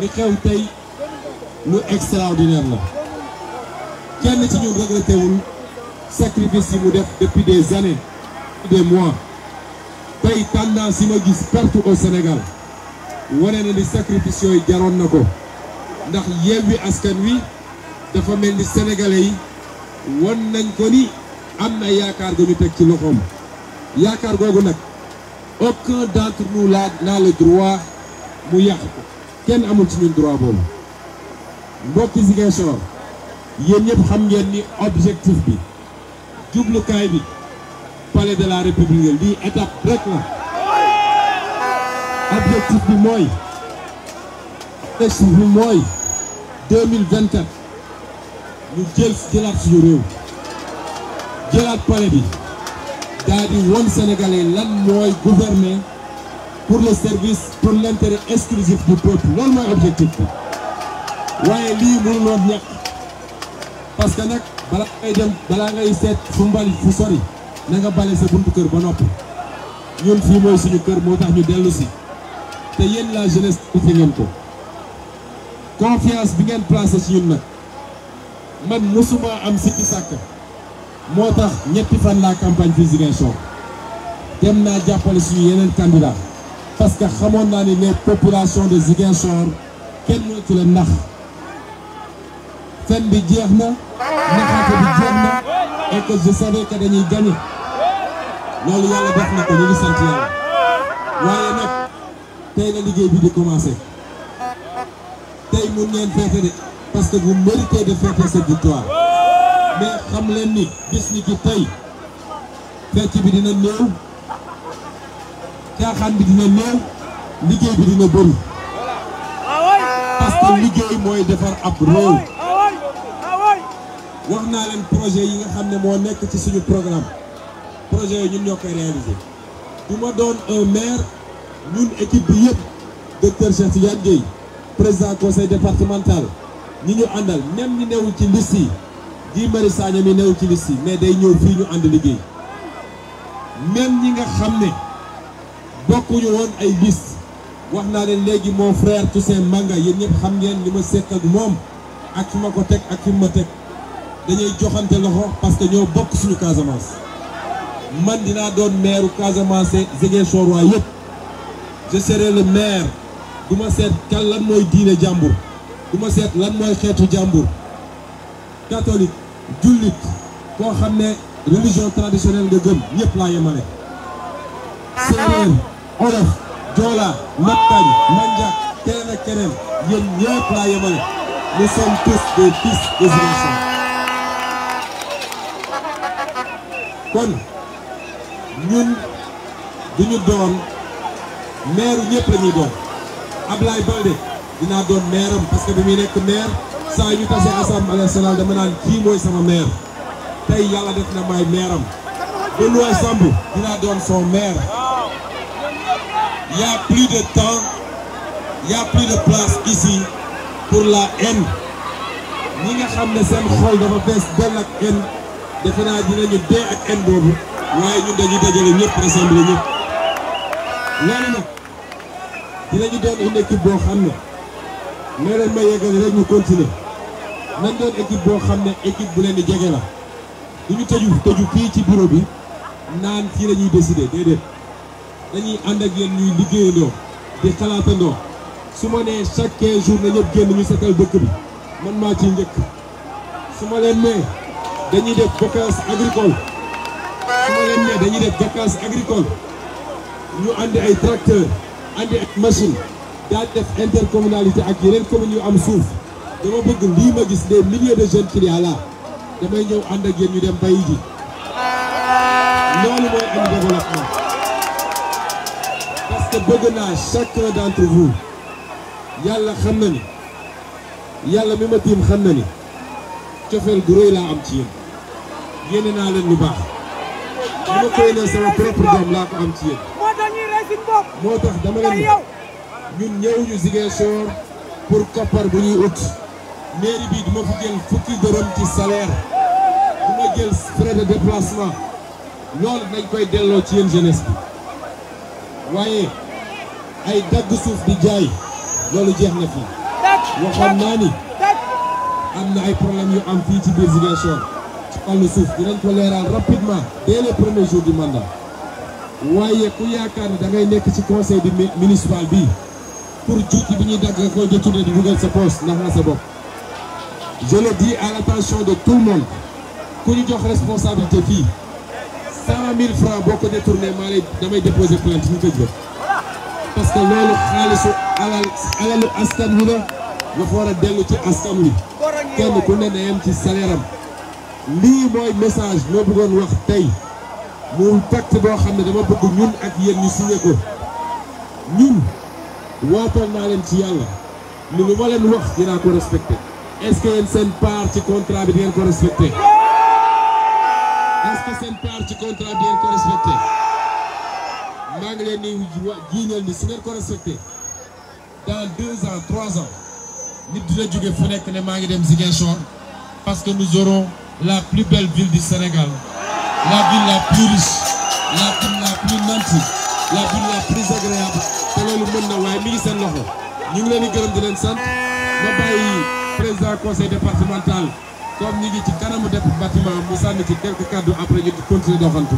li xew tey lu extraordinaire la kenn ci ñun regretté wul yi mu def depuis des années des mois tey tendance ma gis partout au Sénégal wane na di sacrifice yooyu jaroon na ko ndax Yewwi Askan Wi dafa mel ni sénégalais yi won nañ ko ni am na yaakaar gu ñu teg ci loxoom yaakaar googu nag aucun d'entre nous la n'a le droit mu yàq ko kenn amul ci ñun droit boobu mbokki Ziguinchor yéen ñëpp xam ngeen ni objectif bi jublukaay bi palais de la république lii étape rek la objectif bi mooy objectif bi mooy 2024 ñu jël jëlaat suñu réew jëlaat palais bi daal won sénégalais lan mooy gouverner pour le service pour l' intérêt exclusif du peuple loolu mooy objectif bi waaye lii mënuloon ñàkk parce que nag balaa ngay dem balaa ngay seet fu mbali fu sori na nga bale sa buntu kër ba noppi ñun fii mooy suñu kër moo tax ñu dellu si te yéen la jeunesse defe ngeen ko confiance bi ngeen placé si ñun nag man mosuma am sikki sàkk moo tax ñetti fan laa campagne fii Ziguinchor dem naa jàppale suñu yeneen candidat parce que xamoon naa ni les populations de Ziguinchor kenn mënatu leen ndax fen bi jeex na naxaate bi jeex na et que je savais dañuy gagné loolu yàlla def na ko ñu ngi waaye nag tey la liggéey bi di commencé tey mun ngeen feete de parce que vous méritez de fêter cette victoire mais xam leen ni bis ni ki tey fecc bi dina néew caaxaan bi dina néew liggéey bi dina bëri parce liggéey mooy defar ab réew wax naa leen projet yi nga xam ne moo nekk ci suñu programme projet yi ñun ñoo koy réaliser du ma doon un maire ñun équipe bi yëpp docteur Cheikh Tidiane Gueye président conseil départemental ñi ñu àndal même ñi newul ci liste yi di Marius Sagna mi newul ci liste yi mais day ñëw fii ñu ànd liggéey même ñi nga xam ne bokkuñu woon ay bis wax naa leen léegi mon frère Toussaint Manga yéen ñëpp xam ngeen li ma sekk ak moom ak fi ma ko teg ak fi ma teg dañuy joxante loxo parce que ñoo bokk suñu Casamance man dinaa doon maire Casamance Ziguinchor waa yëpp je serai le maire du ma seet kan lan mooy diine jàmbur du ma seet lan mooy xeetu jàmbur catholique jullit koo xam ne religion traditionnelle nga gëm ñëpp laa yemale ah, ah. séeréer Wolof Joola Mattañ Manjak keneen ak keneen yéen ñëpp laa yemale nous sommes tous des fils de Ziguinchor kon ñun du doon maire ñëpp la ñuy doon Ablaye Balde dinaa doon maire am bi muy nekk maire saa yu ñu tasee assemblée nationale dama naan kii mooy sama maire tey yàlla def na may maire am Benoît Sambou dinaa doon son maire. il n'y a plus de temps, il plus de place ici pour la haine. ñi nga xam ne seen xol dafa fees dell ak haine defe naa dinañu dee ak haine boobu waaye ñun dañuy dajale ñëpp rassemblé ñëpp loolu nag dinañu doon une équipe boo xam ne nee leen ma yegale rek ñu continuer nañ doon équipe boo xam ne équipe bu leen di jege la du ñu tëju tëju fii ci bureau bi naan fii la ñuy décider déedéet. dañuy ànd ak yéen ñuy liggéeyandoo di xalaatandoo su ma nee chaque quinze jours na ñëpp génn ñu setal dëkk bi man maa ciy njëkk su ma leen nee dañuy def vacance agricole dañuy def agricole ñu andi ay tracteur andi ay machine daal def intercommunalité ak yeneen communes yu am suuf dama bëgg lii ma gis des milliers de jeunes qu'il y a damay ñëw ànd ak yéen ñu dem bayi ji loolu mooy am développement que bëgg naa chacun d'entre vous yàlla xam na ni yàlla mi ma tiim xam na ni cofeel gu laa am ci yéen yéene naa leen lu baax li ma koy ne sama propre doom laa ko am ci yéen moo tax dama leen ñun ñëwuñu Ziguinchor pour koppar bu ñuy ut mairie bi duma fi jël fukki dërëm ci salaire duma jël frais de déplacement loolu dañ koy delloo ci yéen jeunesse bi waaye ay dagg suuf di jaay loolu jeex na fi waxoon naa ni am na ay problème yu am fii ci biir Ziguinchor ci wàllu suuf dinañ ko leeral rapidement dès la premiers jours du mandat waaye ku yaakaar ne da ngay nekk ci conseil du municipal bi pour juuti bi ñuy dagg nga koy détourné di dugal sa poche ndax na sa bopp je di dis à l'attention de tout le monde ku ñu jox responsabilité fii cent mille francs boo ko détourné maa lay damay déposer plainte ñu tëj la que loolu xaalisu alal alalu askan wi la dafa a dellu ci askan wi kenn ku ne na ci salaire am lii mooy message moo bëggoon wax tey mu pacte boo xam ne dama bëgg ñun ak yéen ñu leen ci yàlla ni lu ma leen wax seen part ci contra bi di ngeen ko respecté ci contrat bi di ngeen maa ngi leen di wa jiiñal ni su ngeen ko respecté dans deux ans trois ans nit jóge fu nekk ne maa ngi dem Ziguinchor parce que nous aurons la plus belle ville du Sénégal la ville la plus riche la ville la plus nantie la ville la plus agréable te loolu mën na waaye mi ngi seen loxo ñu ngi leen di di leen sant ba bàyyi président conseil départemental comme ñu ngi ci kanamu def bâtiment mu sànni ci quelques kàddu après ñu continuer doxantu